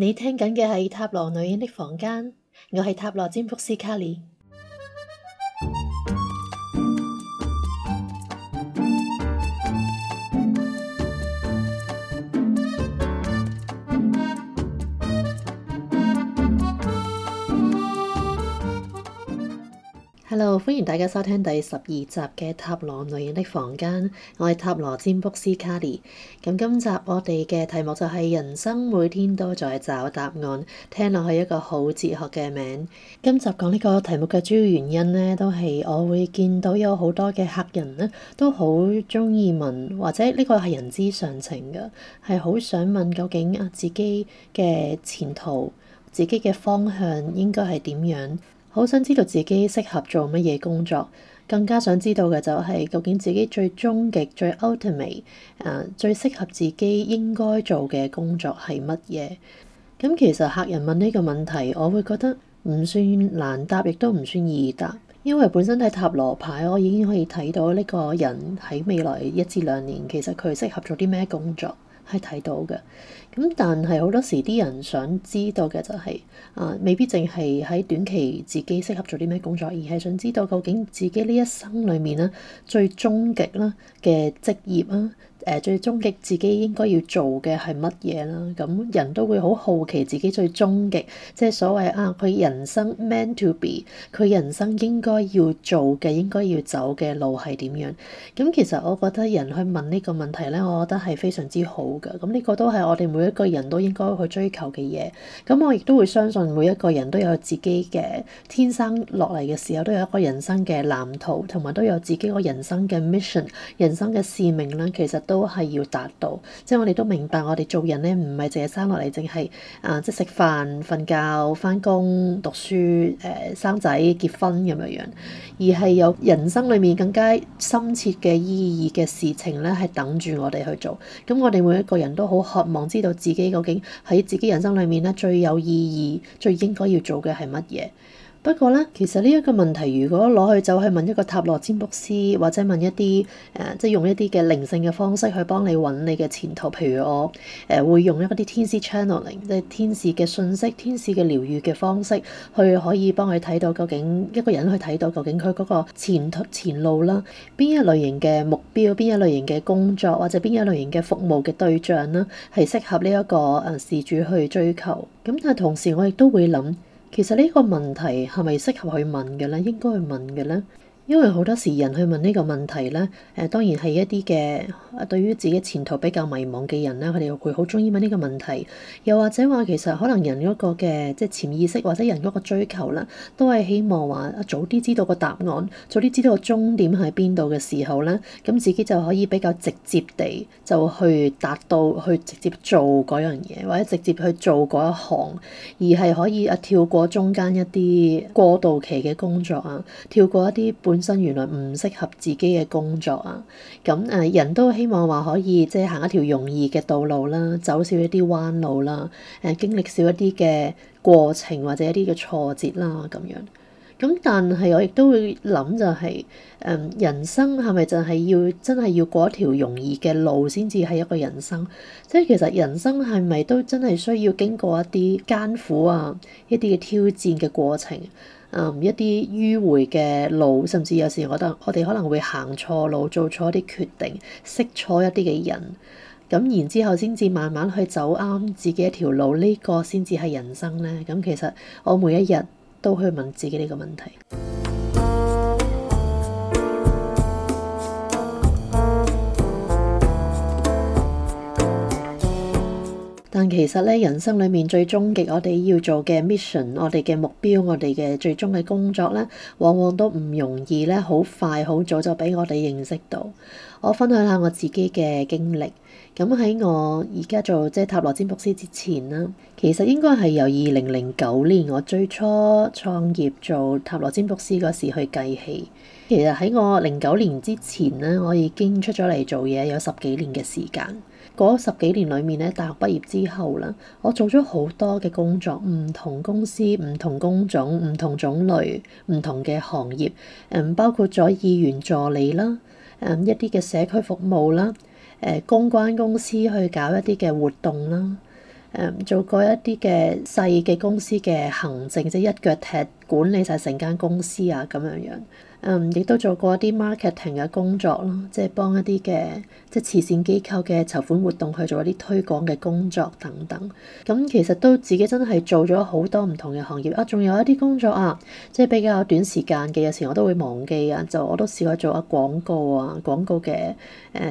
你聽緊嘅係《塔羅女人的房間》，我係塔羅占卜師卡莉。Hello，歡迎大家收聽第十二集嘅塔羅女人的房間，我係塔羅占卜師 Carrie。咁今集我哋嘅題目就係、是、人生每天都在找答案，聽落去一個好哲學嘅名。今集講呢個題目嘅主要原因呢，都係我會見到有好多嘅客人呢，都好中意問，或者呢、呢個係人之常情㗎，係好想問究竟啊自己嘅前途、自己嘅方向應該係點樣？好想知道自己適合做乜嘢工作，更加想知道嘅就係究竟自己最終極、最 ultimate 啊，最適合自己應該做嘅工作係乜嘢？咁其實客人問呢個問題，我會覺得唔算難答，亦都唔算易答，因為本身睇塔羅牌，我已經可以睇到呢個人喺未來一至兩年，其實佢適合做啲咩工作。係睇到嘅，咁但係好多時啲人想知道嘅就係、是、啊，未必淨係喺短期自己適合做啲咩工作，而係想知道究竟自己呢一生裡面咧，最終極啦嘅職業啊。誒，最終極自己應該要做嘅係乜嘢啦？咁人都會好好奇自己最終極，即係所謂啊，佢人生 man to be，佢人生應該要做嘅，應該要走嘅路係點樣？咁其實我覺得人去問呢個問題咧，我覺得係非常之好㗎。咁呢個都係我哋每一個人都應該去追求嘅嘢。咁我亦都會相信每一個人都有自己嘅天生落嚟嘅時候，都有一個人生嘅藍圖，同埋都有自己個人生嘅 mission、人生嘅使命啦。其實。都係要達到，即係我哋都明白，我哋做人呢唔係淨係生落嚟，淨係啊即係食飯、瞓覺、返工、讀書、誒、呃、生仔、結婚咁樣樣，而係有人生裡面更加深切嘅意義嘅事情呢，係等住我哋去做。咁我哋每一個人都好渴望知道自己究竟喺自己人生裡面呢最有意義、最應該要做嘅係乜嘢。不過咧，其實呢一個問題，如果攞去走去問一個塔羅占卜師，或者問一啲誒，即係用一啲嘅靈性嘅方式去幫你揾你嘅前途，譬如我誒會用一啲天使 channeling，即係天使嘅信息、天使嘅療愈嘅方式，去可以幫佢睇到究竟一個人去睇到究竟佢嗰個前途前路啦，邊一類型嘅目標、邊一類型嘅工作或者邊一類型嘅服務嘅對象啦，係適合呢一個誒事主去追求。咁但係同時我亦都會諗。其實呢個問題係咪適合去問嘅呢？應該去問嘅呢？因為好多時人去問呢個問題咧，誒當然係一啲嘅對於自己前途比較迷茫嘅人咧，佢哋會好鍾意問呢個問題。又或者話其實可能人嗰個嘅即係潛意識或者人嗰個追求啦，都係希望話早啲知道個答案，早啲知道個終點喺邊度嘅時候咧，咁自己就可以比較直接地就去達到去直接做嗰樣嘢，或者直接去做嗰一行，而係可以啊跳過中間一啲過渡期嘅工作啊，跳過一啲半。本身原來唔適合自己嘅工作啊，咁誒人都希望話可以即係行一條容易嘅道路啦，走少一啲彎路啦，誒經歷少一啲嘅過程或者一啲嘅挫折啦咁樣。咁但係我亦都會諗就係，誒人生係咪就係要真係要過一條容易嘅路先至係一個人生？即係其實人生係咪都真係需要經過一啲艱苦啊、一啲嘅挑戰嘅過程，嗯，一啲迂迴嘅路，甚至有時我覺得我哋可能會行錯路、做錯一啲決定、識錯一啲嘅人，咁然之後先至慢慢去走啱自己一條路，呢個先至係人生咧。咁其實我每一日，都去問自己呢個問題。但其實咧，人生裡面最終極我哋要做嘅 mission，我哋嘅目標，我哋嘅最終嘅工作咧，往往都唔容易咧，好快好早就俾我哋認識到。我分享下我自己嘅經歷。咁喺我而家做即係、就是、塔羅占卜師之前咧，其實應該係由二零零九年我最初創業做塔羅占卜師嗰時去計起。其實喺我零九年之前咧，我已經出咗嚟做嘢有十幾年嘅時間。嗰十幾年裏面咧，大學畢業之後啦，我做咗好多嘅工作，唔同公司、唔同工種、唔同種類、唔同嘅行業，誒包括咗議員助理啦，誒一啲嘅社區服務啦，誒公關公司去搞一啲嘅活動啦，誒做過一啲嘅細嘅公司嘅行政，即係一腳踢管理晒成間公司啊咁樣樣。嗯，亦都做過一啲 marketing 嘅工作咯，即係幫一啲嘅即係慈善機構嘅籌款活動去做一啲推廣嘅工作等等。咁其實都自己真係做咗好多唔同嘅行業啊！仲有一啲工作啊，即係比較短時間嘅，有時我都會忘記啊。就我都試過做下廣告啊，廣告嘅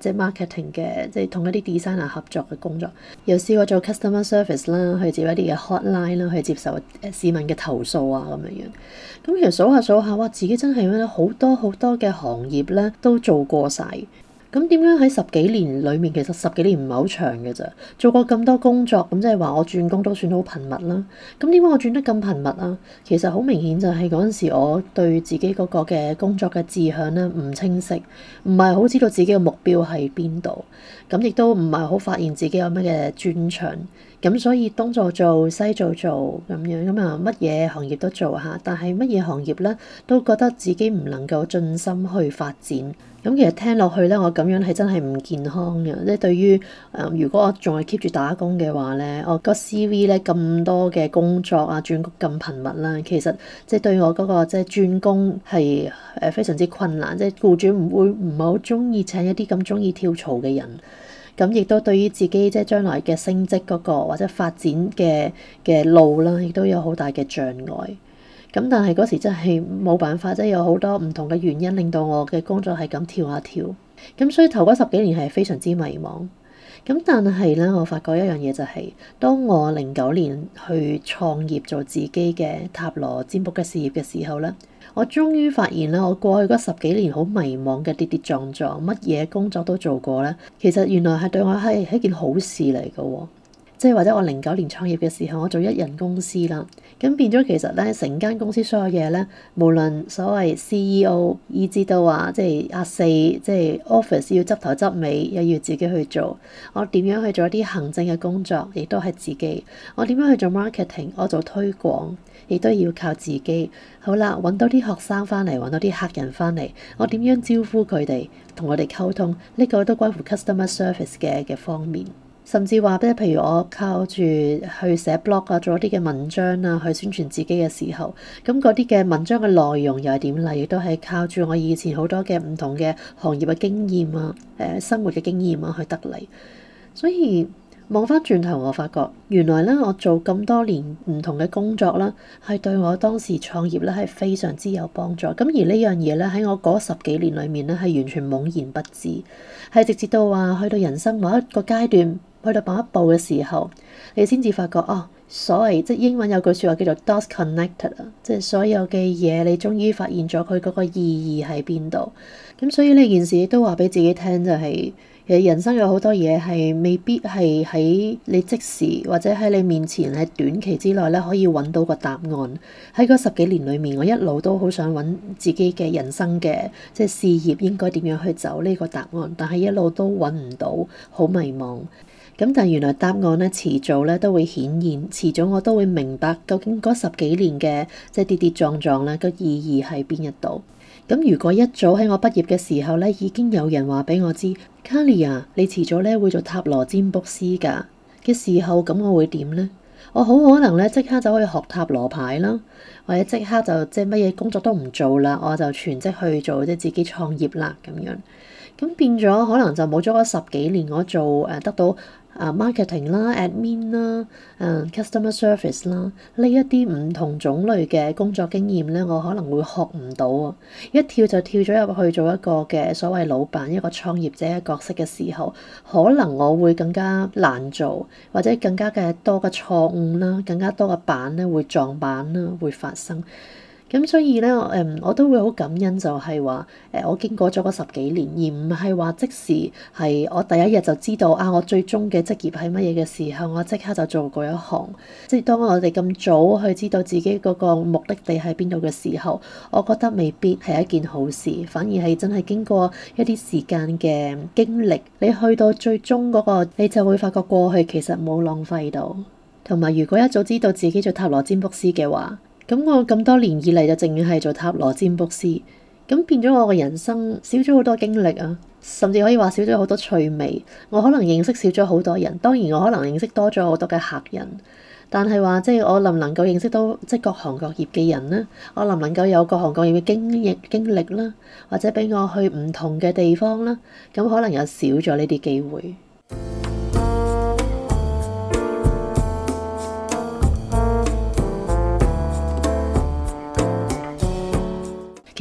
即係 marketing 嘅，即係同一啲 designer 合作嘅工作。又試過做 customer service 啦、啊，去接一啲嘅 hotline 啦、啊，去接受市民嘅投訴啊咁樣樣。咁其實數下數下，哇！自己真係好多好多嘅行業咧都做過晒，咁點樣喺十幾年裏面，其實十幾年唔係好長嘅咋。做過咁多工作，咁即係話我轉工都算好頻密啦。咁點解我轉得咁頻密啊？其實好明顯就係嗰陣時我對自己嗰個嘅工作嘅志向咧唔清晰，唔係好知道自己嘅目標喺邊度，咁亦都唔係好發現自己有咩嘅專長。咁所以東做做西做做咁樣，咁啊乜嘢行業都做下，但係乜嘢行業咧都覺得自己唔能夠盡心去發展。咁其實聽落去咧，我咁樣係真係唔健康嘅。即、就、係、是、對於誒、呃，如果我仲係 keep 住打工嘅話咧，我個 CV 咧咁多嘅工作啊轉工咁頻密啦，其實即係對我嗰、那個即係、就是、轉工係誒非常之困難。即、就、係、是、僱主唔會唔係好中意請一啲咁中意跳槽嘅人。咁亦都對於自己即係將來嘅升職嗰個或者發展嘅嘅路啦，亦都有好大嘅障礙。咁但係嗰時真係冇辦法，即係有好多唔同嘅原因令到我嘅工作係咁跳下跳。咁所以頭嗰十幾年係非常之迷茫。咁但係咧，我發覺一樣嘢就係，當我零九年去創業做自己嘅塔羅占卜嘅事業嘅時候咧。我終於發現啦，我過去嗰十幾年好迷茫嘅跌跌撞撞，乜嘢工作都做過咧，其實原來係對我係一件好事嚟嘅喎。即係或者我零九年創業嘅時候，我做一人公司啦，咁變咗其實咧，成間公司所有嘢咧，無論所謂 CEO 以至到話，即係阿四，即係 office 要執頭執尾，又要自己去做。我點樣去做一啲行政嘅工作，亦都係自己。我點樣去做 marketing，我做推廣，亦都要靠自己。好啦，揾到啲學生翻嚟，揾到啲客人翻嚟，我點樣招呼佢哋，同我哋溝通，呢個都關乎 customer service 嘅嘅方面。甚至話咧，譬如我靠住去寫 blog 啊，做一啲嘅文章啊，去宣傳自己嘅時候，咁嗰啲嘅文章嘅內容又係點嚟？亦都係靠住我以前好多嘅唔同嘅行業嘅經驗啊，誒生活嘅經驗啊去得嚟。所以望翻轉頭，我發覺原來咧，我做咁多年唔同嘅工作啦，係對我當時創業咧係非常之有幫助。咁而呢樣嘢咧，喺我嗰十幾年裏面咧，係完全懵然不知，係直接到話去到人生某一個階段。去到某一步嘅時候，你先至發覺哦，所謂即係英文有句説話叫做 “dots connected” 啊，即係所有嘅嘢，你終於發現咗佢嗰個意義喺邊度。咁所以呢件事都話俾自己聽，就係，就係人生有好多嘢係未必係喺你即時或者喺你面前喺短期之內咧可以揾到個答案。喺嗰十幾年裏面，我一路都好想揾自己嘅人生嘅即係事業應該點樣去走呢個答案，但係一路都揾唔到，好迷茫。咁但係原來答案咧遲早咧都會顯現，遲早我都會明白究竟嗰十幾年嘅即係跌跌撞撞咧個意義喺邊一度。咁如果一早喺我畢業嘅時候咧已經有人話俾我知 k a l r i 啊，你遲早咧會做塔羅占卜，卜師㗎嘅時候，咁我會點呢？我好可能咧即刻就可以學塔羅牌啦，或者即刻就即係乜嘢工作都唔做啦，我就全職去做即係自己創業啦咁樣。咁變咗可能就冇咗嗰十幾年我做誒得到。啊，Marketing 啦，Admin 啦，Customer Service 啦，呢一啲唔同種類嘅工作經驗咧，我可能會學唔到啊！一跳就跳咗入去做一個嘅所謂老闆，一個創業者嘅角色嘅時候，可能我會更加難做，或者更加嘅多嘅錯誤啦，更加多嘅板咧會撞板啦，會發生。咁所以咧，誒我都會好感恩就，就係話，誒我經過咗嗰十幾年，而唔係話即時係我第一日就知道啊，我最終嘅職業係乜嘢嘅時候，我即刻就做嗰一行。即係當我哋咁早去知道自己嗰個目的地喺邊度嘅時候，我覺得未必係一件好事，反而係真係經過一啲時間嘅經歷，你去到最終嗰個，你就會發覺過去其實冇浪費到。同埋如果一早知道自己做塔羅占卜師嘅話，咁我咁多年以嚟就淨係做塔羅占卜師，咁變咗我嘅人生少咗好多經歷啊，甚至可以話少咗好多趣味。我可能認識少咗好多人，當然我可能認識多咗好多嘅客人，但係話即係我能唔能夠認識到即係、就是、各行各業嘅人呢？我能唔能夠有各行各業嘅經歷經歷呢？或者俾我去唔同嘅地方呢？咁可能又少咗呢啲機會。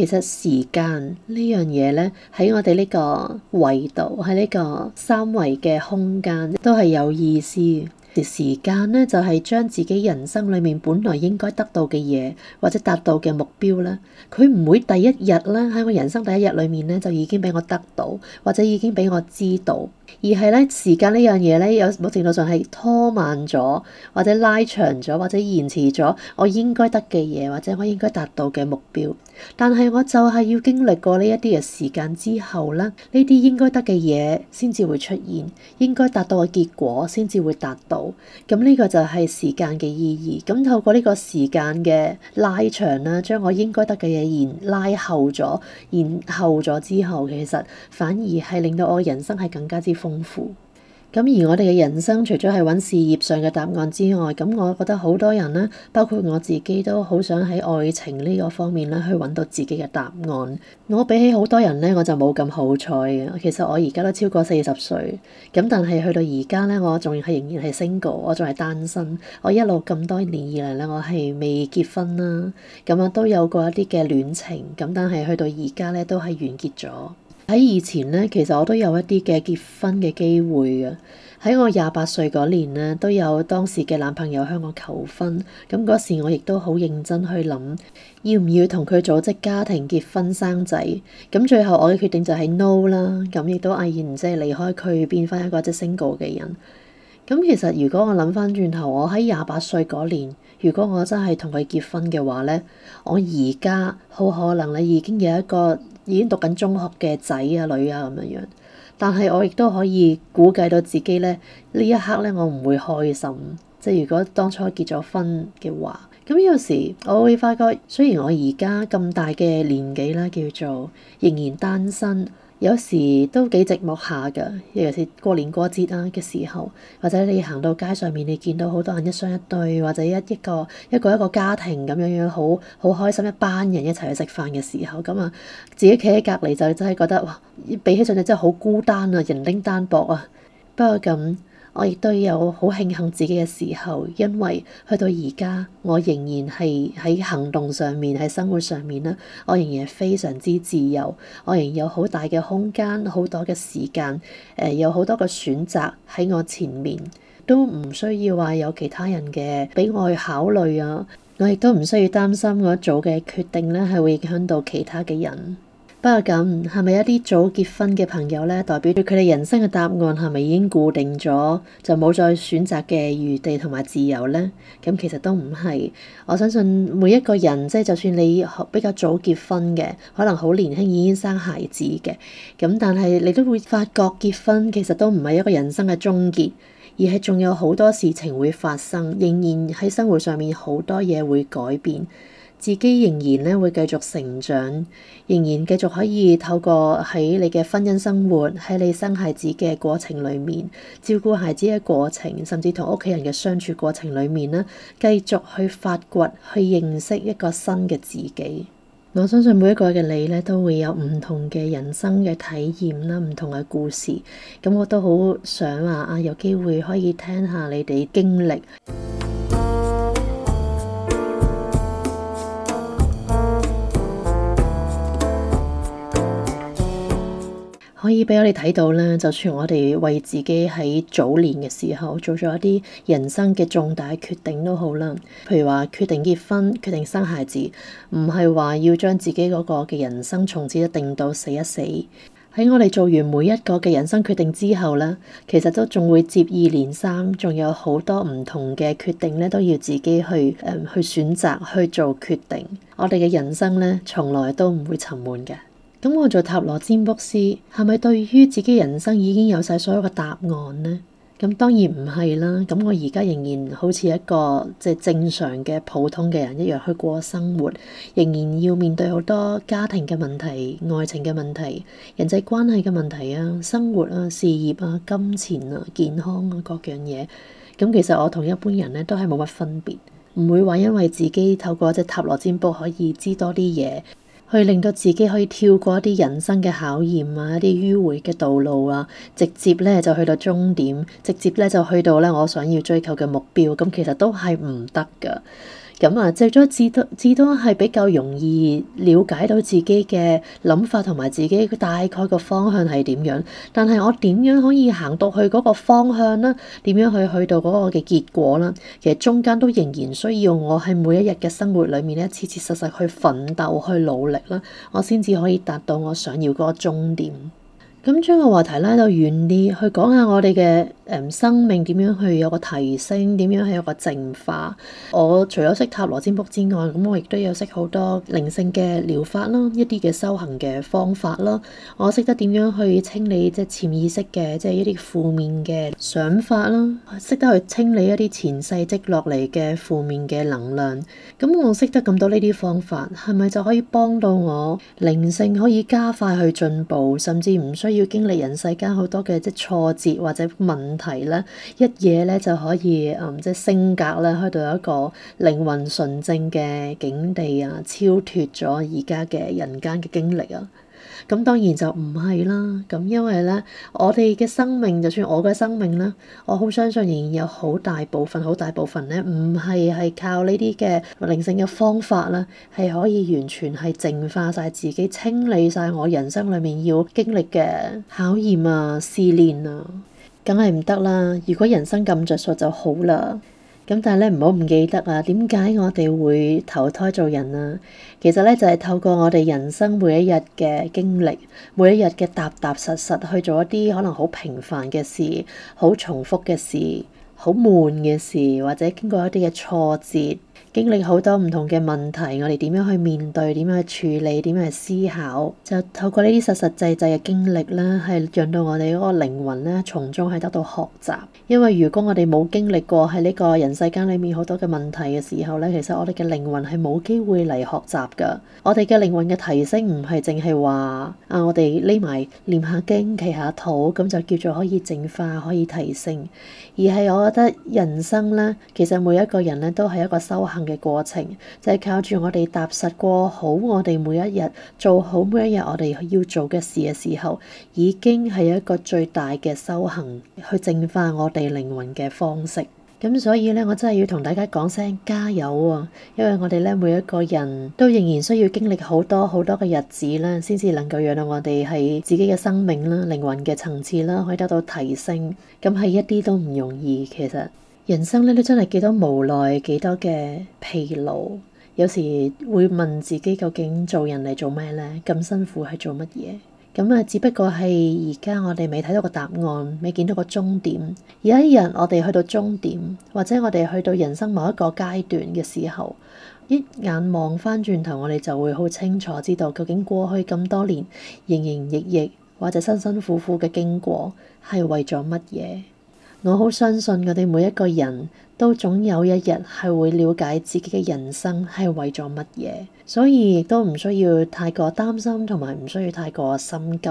其實時間呢樣嘢呢，喺我哋呢個維度，喺呢個三維嘅空間都係有意思嘅。時間呢就係、是、將自己人生裏面本來應該得到嘅嘢，或者達到嘅目標呢，佢唔會第一日咧，喺我人生第一日裏面呢，就已經畀我得到，或者已經畀我知道。而係咧時間呢樣嘢咧，有某程度上係拖慢咗，或者拉長咗，或者延遲咗我應該得嘅嘢，或者我應該達到嘅目標，但係我就係要經歷過呢一啲嘅時間之後咧，呢啲應該得嘅嘢先至會出現，應該達到嘅結果先至會達到。咁呢個就係時間嘅意義，咁透過呢個時間嘅拉長啦，將我應該得嘅嘢延拉後咗，延後咗之後其實反而係令到我人生係更加之，豐富，咁而我哋嘅人生除咗係揾事業上嘅答案之外，咁我覺得好多人咧，包括我自己都好想喺愛情呢個方面咧去揾到自己嘅答案。我比起好多人咧，我就冇咁好彩嘅。其實我而家都超過四十歲，咁但係去到而家咧，我仲係仍然係 single，我仲係單身。我一路咁多年以嚟咧，我係未結婚啦。咁啊都有過一啲嘅戀情，咁但係去到而家咧都係完結咗。喺以前咧，其實我都有一啲嘅結婚嘅機會嘅。喺我廿八歲嗰年咧，都有當時嘅男朋友向我求婚。咁嗰時我亦都好認真去諗，要唔要同佢組織家庭、結婚、生仔。咁最後我嘅決定就係 no 啦。咁亦都毅然即係離開佢，變翻一個即係 single 嘅人。咁其實如果我諗翻轉頭，我喺廿八歲嗰年，如果我真係同佢結婚嘅話咧，我而家好可能你已經有一個。已經讀緊中學嘅仔啊女啊咁樣樣，但係我亦都可以估計到自己咧呢一刻咧，我唔會開心。即係如果當初結咗婚嘅話，咁有時我會發覺，雖然我而家咁大嘅年紀啦，叫做仍然單身。有時都幾寂寞下㗎，尤其係過年過節啊嘅時候，或者你行到街上面，你見到好多人一雙一對，或者一一個一個一個家庭咁樣樣，好好開心，一班人一齊去食飯嘅時候，咁啊自己企喺隔離就真係覺得哇，比起上嚟真係好孤單啊，人丁單薄啊，不過咁。我亦都有好慶幸自己嘅時候，因為去到而家，我仍然係喺行動上面、喺生活上面咧，我仍然係非常之自由，我仍有好大嘅空間、好多嘅時間，誒有好多嘅選擇喺我前面，都唔需要話有其他人嘅畀我去考慮啊。我亦都唔需要擔心我做嘅決定咧，係會影響到其他嘅人。不過咁，係咪一啲早結婚嘅朋友咧，代表住佢哋人生嘅答案係咪已經固定咗，就冇再選擇嘅餘地同埋自由咧？咁其實都唔係。我相信每一個人，即係就算你比較早結婚嘅，可能好年輕已經生孩子嘅，咁但係你都會發覺結婚其實都唔係一個人生嘅終結，而係仲有好多事情會發生，仍然喺生活上面好多嘢會改變。自己仍然咧會繼續成長，仍然繼續可以透過喺你嘅婚姻生活、喺你生孩子嘅過程裏面、照顧孩子嘅過程，甚至同屋企人嘅相處過程裏面，呢，繼續去發掘、去認識一個新嘅自己。我相信每一個嘅你呢，都會有唔同嘅人生嘅體驗啦，唔同嘅故事。咁我都好想話啊，有機會可以聽下你哋經歷。可以俾我哋睇到咧，就算我哋為自己喺早年嘅時候做咗一啲人生嘅重大決定都好啦，譬如話決定結婚、決定生孩子，唔係話要將自己嗰個嘅人生從此一定到死一死。喺我哋做完每一個嘅人生決定之後咧，其實都仲會接二連三，仲有好多唔同嘅決定咧，都要自己去誒、嗯、去選擇去做決定。我哋嘅人生咧，從來都唔會沉悶嘅。咁我做塔羅占卜師，係咪對於自己人生已經有晒所有嘅答案呢？咁當然唔係啦。咁我而家仍然好似一個即係正常嘅普通嘅人一樣去過生活，仍然要面對好多家庭嘅問題、愛情嘅問題、人際關係嘅問題啊、生活啊、事業啊、金錢啊、健康啊各樣嘢。咁其實我同一般人呢，都係冇乜分別，唔會話因為自己透過只塔羅占卜可以知多啲嘢。去令到自己可以跳過一啲人生嘅考驗啊，一啲迂回嘅道路啊，直接咧就去到終點，直接咧就去到咧我想要追求嘅目標，咁其實都係唔得噶。咁啊，最多至多至多係比較容易了解到自己嘅諗法同埋自己大概個方向係點樣。但係我點樣可以行到去嗰個方向呢？點樣去去到嗰個嘅結果呢？其實中間都仍然需要我喺每一日嘅生活裏面咧，切切實實去奮鬥去努力啦，我先至可以達到我想要嗰個終點。咁將個話題拉到遠啲，去講下我哋嘅。生命點樣去有個提升？點樣去有個淨化？我除咗識塔羅占卜之外，咁我亦都有識好多靈性嘅療法啦，一啲嘅修行嘅方法啦。我識得點樣去清理即係潛意識嘅，即係一啲負面嘅想法啦，識得去清理一啲前世積落嚟嘅負面嘅能量。咁我識得咁多呢啲方法，係咪就可以幫到我靈性可以加快去進步，甚至唔需要經歷人世間好多嘅即係挫折或者問？提咧一嘢咧就可以，嗯，即係性格咧，去到一個靈魂純正嘅境地啊，超脫咗而家嘅人間嘅經歷啊。咁當然就唔係啦。咁因為咧，我哋嘅生命，就算我嘅生命啦，我好相信仍然有好大部分，好大部分咧，唔係係靠呢啲嘅靈性嘅方法啦，係可以完全係淨化晒自己，清理晒我人生裏面要經歷嘅考驗啊，試煉啊。梗係唔得啦！如果人生咁着數就好啦。咁但係咧，唔好唔記得啊。點解我哋會投胎做人啊？其實咧，就係透過我哋人生每一日嘅經歷，每一日嘅踏踏實實去做一啲可能好平凡嘅事、好重複嘅事、好悶嘅事，或者經過一啲嘅挫折。經歷好多唔同嘅問題，我哋點樣去面對、點樣去處理、點樣去思考，就透過呢啲實實際際嘅經歷咧，係讓到我哋嗰個靈魂咧，從中係得到學習。因為如果我哋冇經歷過喺呢個人世間裡面好多嘅問題嘅時候咧，其實我哋嘅靈魂係冇機會嚟學習㗎。我哋嘅靈魂嘅提升唔係淨係話啊，我哋匿埋唸下經、祈下禱咁就叫做可以淨化、可以提升，而係我覺得人生咧，其實每一個人咧都係一個修行。行嘅過程，就係靠住我哋踏實過好我哋每一日，做好每一日我哋要做嘅事嘅時候，已經係一個最大嘅修行，去淨化我哋靈魂嘅方式。咁所以咧，我真係要同大家講聲加油啊！因為我哋咧，每一個人都仍然需要經歷好多好多嘅日子啦，先至能夠讓到我哋喺自己嘅生命啦、靈魂嘅層次啦，可以得到提升。咁係一啲都唔容易，其實。人生咧都真係幾多無奈，幾多嘅疲勞，有時會問自己究竟做人嚟做咩咧？咁辛苦係做乜嘢？咁啊，只不過係而家我哋未睇到個答案，未見到個終點。有一日我哋去到終點，或者我哋去到人生某一個階段嘅時候，一眼望翻轉頭，我哋就會好清楚知道，究竟過去咁多年，營營役役或者辛辛苦苦嘅經過係為咗乜嘢？我好相信我哋每一個人都總有一日係會了解自己嘅人生係為咗乜嘢，所以亦都唔需要太過擔心同埋唔需要太過心急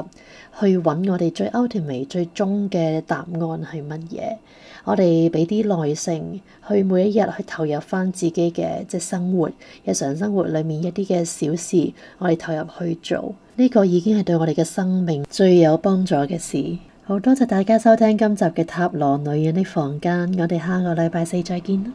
去揾我哋最 ultimate 最終嘅答案係乜嘢。我哋俾啲耐性去每一日去投入翻自己嘅即係生活，日常生活裏面一啲嘅小事，我哋投入去做，呢個已經係對我哋嘅生命最有幫助嘅事。好多謝大家收聽今集嘅《塔羅女人的房間》，我哋下個禮拜四再見啦！